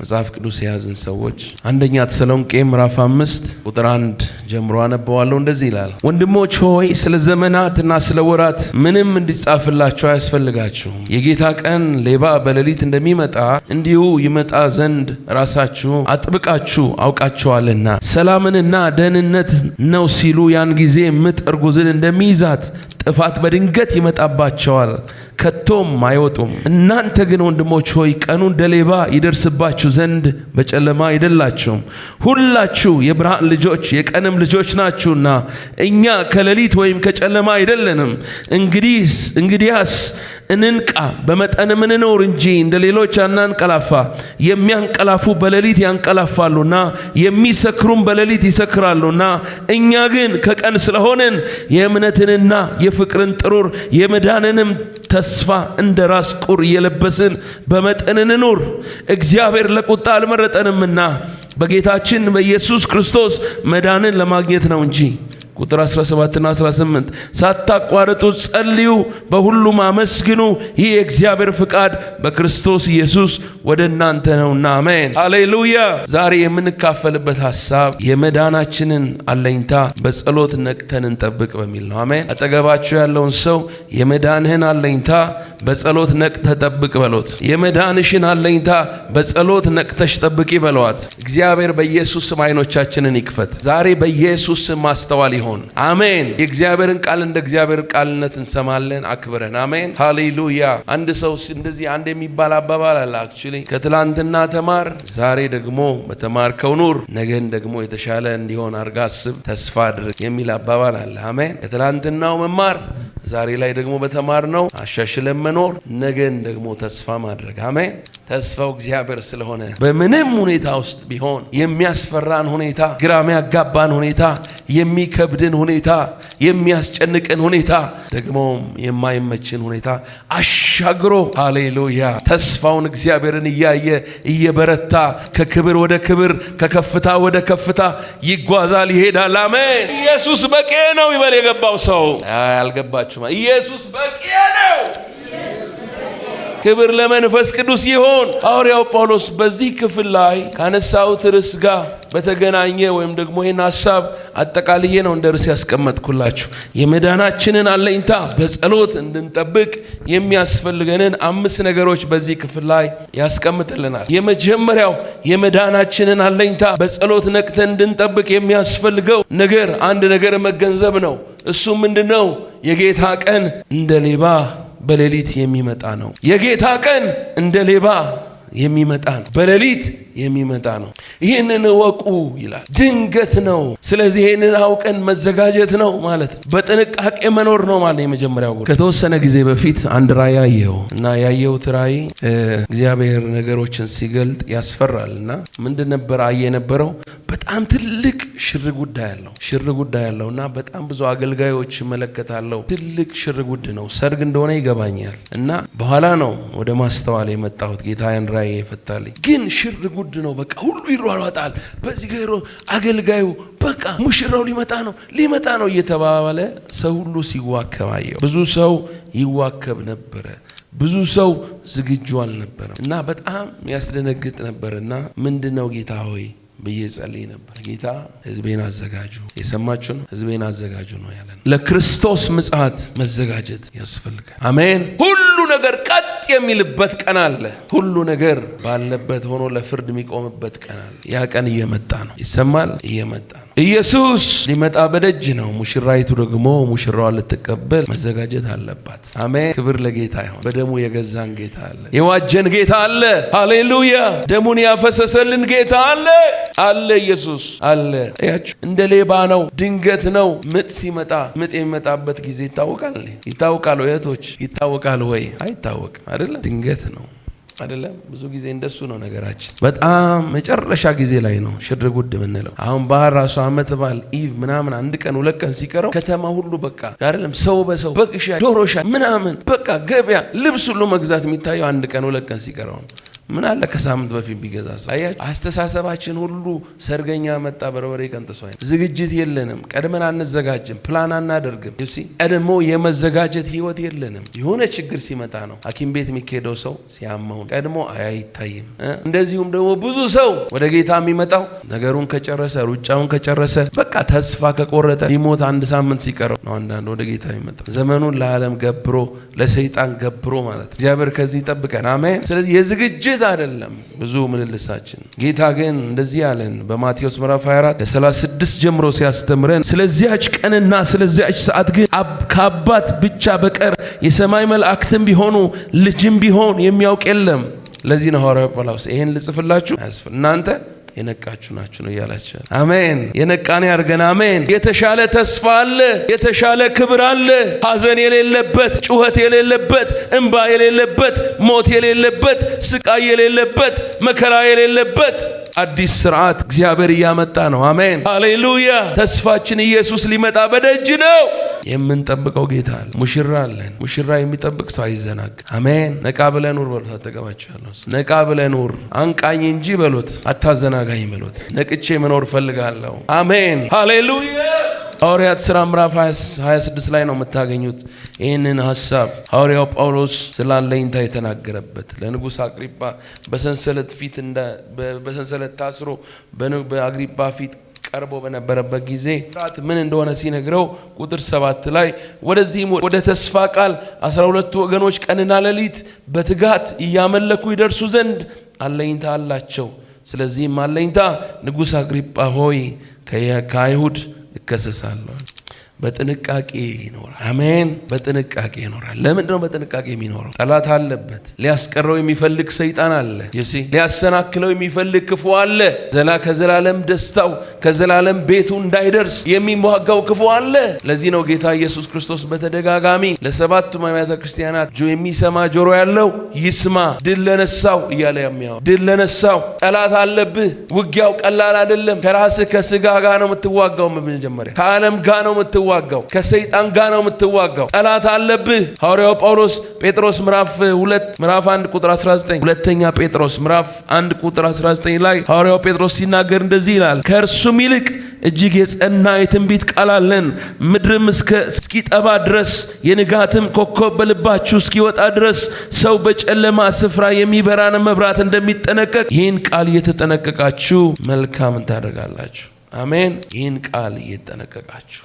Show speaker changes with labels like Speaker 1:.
Speaker 1: መጽሐፍ ቅዱስ የያዝን ሰዎች አንደኛ ተሰሎንቄ ምዕራፍ አምስት ቁጥር አንድ ጀምሮ አነበዋለሁ። እንደዚህ ይላል፣ ወንድሞች ሆይ ስለ ዘመናትና ስለ ወራት ምንም እንዲጻፍላችሁ አያስፈልጋችሁም። የጌታ ቀን ሌባ በሌሊት እንደሚመጣ እንዲሁ ይመጣ ዘንድ ራሳችሁ አጥብቃችሁ አውቃችኋልና። ሰላምንና ደህንነት ነው ሲሉ ያን ጊዜ ምጥ እርጉዝን እንደሚይዛት ጥፋት በድንገት ይመጣባቸዋል፣ ከቶም አይወጡም። እናንተ ግን ወንድሞች ሆይ ቀኑ እንደ ሌባ ይደርስባችሁ ዘንድ በጨለማ አይደላችሁም። ሁላችሁ የብርሃን ልጆች የቀንም ልጆች ናችሁና እኛ ከሌሊት ወይም ከጨለማ አይደለንም። እንግዲያስ እንንቃ፣ በመጠንም እንኖር እንጂ እንደ ሌሎች አናንቀላፋ። የሚያንቀላፉ በሌሊት ያንቀላፋሉና የሚሰክሩም በሌሊት ይሰክራሉና፣ እኛ ግን ከቀን ስለሆንን የእምነትንና የፍቅርን ጥሩር የመዳንንም ተስፋ እንደ ራስ ቁር እየለበስን በመጠን እንኑር። እግዚአብሔር ለቁጣ አልመረጠንምና በጌታችን በኢየሱስ ክርስቶስ መዳንን ለማግኘት ነው እንጂ ቁጥር 17ና 18 ሳታቋርጡ ጸልዩ፣ በሁሉም አመስግኑ፣ ይህ የእግዚአብሔር ፍቃድ በክርስቶስ ኢየሱስ ወደ እናንተ ነውና፣ አሜን አሌሉያ። ዛሬ የምንካፈልበት ሀሳብ የመዳናችንን አለኝታ በጸሎት ነቅተን እንጠብቅ በሚል ነው። አሜን። አጠገባችሁ ያለውን ሰው የመዳንህን አለኝታ በጸሎት ነቅተ ጠብቅ በሎት። የመዳንሽን አለኝታ በጸሎት ነቅተሽ ጠብቂ በለዋት። እግዚአብሔር በኢየሱስ ስም አይኖቻችንን ይክፈት። ዛሬ በኢየሱስ ስም ማስተዋል ይሆን። አሜን። የእግዚአብሔርን ቃል እንደ እግዚአብሔር ቃልነት እንሰማለን አክብረን። አሜን። ሃሌሉያ። አንድ ሰው እንደዚህ አንድ የሚባል አባባል አለ። አክቹሊ ከትላንትና ተማር፣ ዛሬ ደግሞ በተማርከው ኑር፣ ነገን ደግሞ የተሻለ እንዲሆን አርጋ አስብ፣ ተስፋ አድርግ የሚል አባባል አለ። አሜን። ከትላንትናው መማር ዛሬ ላይ ደግሞ በተማር ነው አሻሽለመ መኖር፣ ነገን ደግሞ ተስፋ ማድረግ። አሜን። ተስፋው እግዚአብሔር ስለሆነ በምንም ሁኔታ ውስጥ ቢሆን የሚያስፈራን ሁኔታ፣ ግራም ያጋባን ሁኔታ፣ የሚከብድን ሁኔታ፣ የሚያስጨንቅን ሁኔታ፣ ደግሞም የማይመችን ሁኔታ አሻግሮ ሃሌሉያ ተስፋውን እግዚአብሔርን እያየ እየበረታ ከክብር ወደ ክብር ከከፍታ ወደ ከፍታ ይጓዛል ይሄዳል። አሜን። ኢየሱስ በቄ ነው ይበል የገባው ሰው። አልገባችሁም? ኢየሱስ በቄ ነው። ክብር ለመንፈስ ቅዱስ ይሆን። ሐዋርያው ጳውሎስ በዚህ ክፍል ላይ ካነሳሁት ርዕስ ጋር በተገናኘ ወይም ደግሞ ይህን ሀሳብ አጠቃልዬ ነው እንደ ርዕስ ያስቀመጥኩላችሁ የመዳናችንን አለኝታ በጸሎት እንድንጠብቅ የሚያስፈልገንን አምስት ነገሮች በዚህ ክፍል ላይ ያስቀምጥልናል። የመጀመሪያው የመዳናችንን አለኝታ በጸሎት ነቅተን እንድንጠብቅ የሚያስፈልገው ነገር አንድ ነገር መገንዘብ ነው። እሱ ምንድን ነው? የጌታ ቀን እንደ ሌባ በሌሊት የሚመጣ ነው። የጌታ ቀን እንደ ሌባ የሚመጣ ነው። በሌሊት የሚመጣ ነው። ይህንን እወቁ ይላል። ድንገት ነው። ስለዚህ ይህንን አውቀን መዘጋጀት ነው ማለት ነው። በጥንቃቄ መኖር ነው ማለት የመጀመሪያው ጉ ከተወሰነ ጊዜ በፊት አንድ ራእይ አየሁ እና ያየሁት ራእይ እግዚአብሔር ነገሮችን ሲገልጥ ያስፈራል እና ምንድን ነበር አየ የነበረው በጣም ትልቅ ሽር ጉዳይ አለው ሽር ጉዳይ አለው እና በጣም ብዙ አገልጋዮች እመለከታለሁ። ትልቅ ሽር ጉድ ነው። ሰርግ እንደሆነ ይገባኛል እና በኋላ ነው ወደ ማስተዋል የመጣሁት ጌታ ያን ራእይ የፈታልኝ ግን ሽር ጉድ ነው። በቃ ሁሉ ይሯሯጣል። በዚህ ገሮ አገልጋዩ በቃ ሙሽራው ሊመጣ ነው ሊመጣ ነው እየተባባለ ሰው ሁሉ ሲዋከብ አየው። ብዙ ሰው ይዋከብ ነበረ። ብዙ ሰው ዝግጁ አልነበረም እና በጣም ያስደነግጥ ነበርና ምንድን ነው ጌታ ሆይ ብዬ ጸልይ ነበር። ጌታ ህዝቤን አዘጋጁ፣ የሰማችሁ ነው፣ ህዝቤን አዘጋጁ ነው ያለ። ለክርስቶስ ምጽአት መዘጋጀት ያስፈልጋል። አሜን። ሁሉ ነገር ቀጥ የሚልበት ቀን አለ። ሁሉ ነገር ባለበት ሆኖ ለፍርድ የሚቆምበት ቀን አለ። ያ ቀን እየመጣ ነው። ይሰማል፣ እየመጣ ነው። ኢየሱስ ሊመጣ በደጅ ነው። ሙሽራይቱ ደግሞ ሙሽራዋን ልትቀበል መዘጋጀት አለባት። አሜን። ክብር ለጌታ ይሆን። በደሙ የገዛን ጌታ አለ፣ የዋጀን ጌታ አለ። ሃሌሉያ። ደሙን ያፈሰሰልን ጌታ አለ አለ ኢየሱስ አለ። ያችሁ እንደ ሌባ ነው፣ ድንገት ነው። ምጥ ሲመጣ ምጥ የሚመጣበት ጊዜ ይታወቃል ይታወቃል፣ እህቶች ይታወቃል ወይ አይታወቅም? አይደለም ድንገት ነው። አይደለም ብዙ ጊዜ እንደሱ ነው ነገራችን። በጣም መጨረሻ ጊዜ ላይ ነው ሽር ጉድ የምንለው። አሁን ባህር ራሱ አመት ባል ኢቭ ምናምን አንድ ቀን ሁለት ቀን ሲቀረው ከተማ ሁሉ በቃ አይደለም ሰው በሰው በቅሻ ዶሮሻ ምናምን በቃ ገበያ ልብስ ሁሉ መግዛት የሚታየው አንድ ቀን ሁለት ቀን ሲቀረው ነው። ምን አለ ከሳምንት በፊት ቢገዛ አያችሁ። አስተሳሰባችን ሁሉ ሰርገኛ መጣ በርበሬ ቀንጥሷል። ዝግጅት የለንም። ቀድመን አንዘጋጅም፣ ፕላን አናደርግም። ሲ ቀድሞ የመዘጋጀት ህይወት የለንም። የሆነ ችግር ሲመጣ ነው ሐኪም ቤት የሚካሄደው ሰው ሲያመውን ቀድሞ አይታይም። እንደዚሁም ደግሞ ብዙ ሰው ወደ ጌታ የሚመጣው ነገሩን ከጨረሰ ሩጫውን ከጨረሰ በቃ ተስፋ ከቆረጠ ሊሞት አንድ ሳምንት ሲቀረው ነው አንዳንድ ወደ ጌታ የሚመጣ ዘመኑን ለዓለም ገብሮ ለሰይጣን ገብሮ ማለት ነው። እግዚአብሔር ከዚህ ይጠብቀን። አሜን። ስለዚህ የዝግጅት ውሸት አይደለም ብዙ ምልልሳችን። ጌታ ግን እንደዚህ ያለን በማቴዎስ ምዕራፍ 24 ከ36 ጀምሮ ሲያስተምረን ስለዚያች ቀንና ስለዚያች ሰዓት ግን ከአባት ብቻ በቀር የሰማይ መላእክትም ቢሆኑ ልጅም ቢሆን የሚያውቅ የለም። ለዚህ ነው ሐዋርያው ጳውሎስ ይህን ልጽፍላችሁ እናንተ የነቃችሁ ናችሁ ነው እያላቸው። አሜን የነቃን ያርገን። አሜን የተሻለ ተስፋ አለ፣ የተሻለ ክብር አለ። ሐዘን የሌለበት፣ ጩኸት የሌለበት፣ እንባ የሌለበት፣ ሞት የሌለበት፣ ስቃይ የሌለበት፣ መከራ የሌለበት አዲስ ስርዓት እግዚአብሔር እያመጣ ነው። አሜን ሃሌሉያ። ተስፋችን ኢየሱስ ሊመጣ በደጅ ነው። የምንጠብቀው ጌታ አለ። ሙሽራ አለን። ሙሽራ የሚጠብቅ ሰው አይዘናግ። አሜን። ነቃ ብለ ኑር በሎት። አጠገባችኋለሁ። ነቃ ብለ ኑር። አንቃኝ እንጂ በሎት፣ አታዘናጋኝ በሎት። ነቅቼ መኖር እፈልጋለሁ። አሜን ሃሌሉያ። ሐዋርያት ሥራ ምዕራፍ 26 ላይ ነው የምታገኙት። ይህንን ሀሳብ ሐዋርያው ጳውሎስ ስለ የተናገረበት ለንጉሥ አግሪጳ በሰንሰለት ፊት በሰንሰለት ታስሮ በአግሪጳ ፊት ቀርቦ በነበረበት ጊዜ ት ምን እንደሆነ ሲነግረው ቁጥር ሰባት ላይ ወደዚህም ወደ ተስፋ ቃል አስራ ሁለቱ ወገኖች ቀንና ሌሊት በትጋት እያመለኩ ይደርሱ ዘንድ አለኝታ አላቸው። ስለዚህም አለኝታ ንጉሥ አግሪጳ ሆይ ከአይሁድ እከሰሳለሁ። በጥንቃቄ ይኖራል። አሜን። በጥንቃቄ ይኖራል። ለምንድን ነው በጥንቃቄ የሚኖረው? ጠላት አለበት። ሊያስቀረው የሚፈልግ ሰይጣን አለ። የሲ ሊያሰናክለው የሚፈልግ ክፉ አለ። ዘላ ከዘላለም ደስታው ከዘላለም ቤቱ እንዳይደርስ የሚዋጋው ክፉ አለ። ለዚህ ነው ጌታ ኢየሱስ ክርስቶስ በተደጋጋሚ ለሰባቱ አብያተ ክርስቲያናት የሚሰማ ጆሮ ያለው ይስማ፣ ድል ለነሳው እያለ የሚያወ ድል ለነሳው ጠላት አለብህ። ውጊያው ቀላል አይደለም። ከራስህ ከስጋ ጋር ነው የምትዋጋው። መጀመሪያ ከዓለም ጋር ነው የምትዋ የምትዋጋው፣ ከሰይጣን ጋር ነው የምትዋጋው። ጠላት አለብህ። ሐዋርያው ጳውሎስ ጴጥሮስ ምዕራፍ 2 ምዕራፍ 1 ቁጥር 19 ሁለተኛ ጴጥሮስ ምዕራፍ 1 ቁጥር 19 ላይ ሐዋርያው ጴጥሮስ ሲናገር እንደዚህ ይላል፣ ከእርሱም ይልቅ እጅግ የጸና የትንቢት ቃል አለን፣ ምድርም እስከ እስኪጠባ ድረስ የንጋትም ኮከብ በልባችሁ እስኪወጣ ድረስ ሰው በጨለማ ስፍራ የሚበራን መብራት እንደሚጠነቀቅ ይህን ቃል እየተጠነቀቃችሁ መልካምን ታደርጋላችሁ። አሜን። ይህን ቃል እየተጠነቀቃችሁ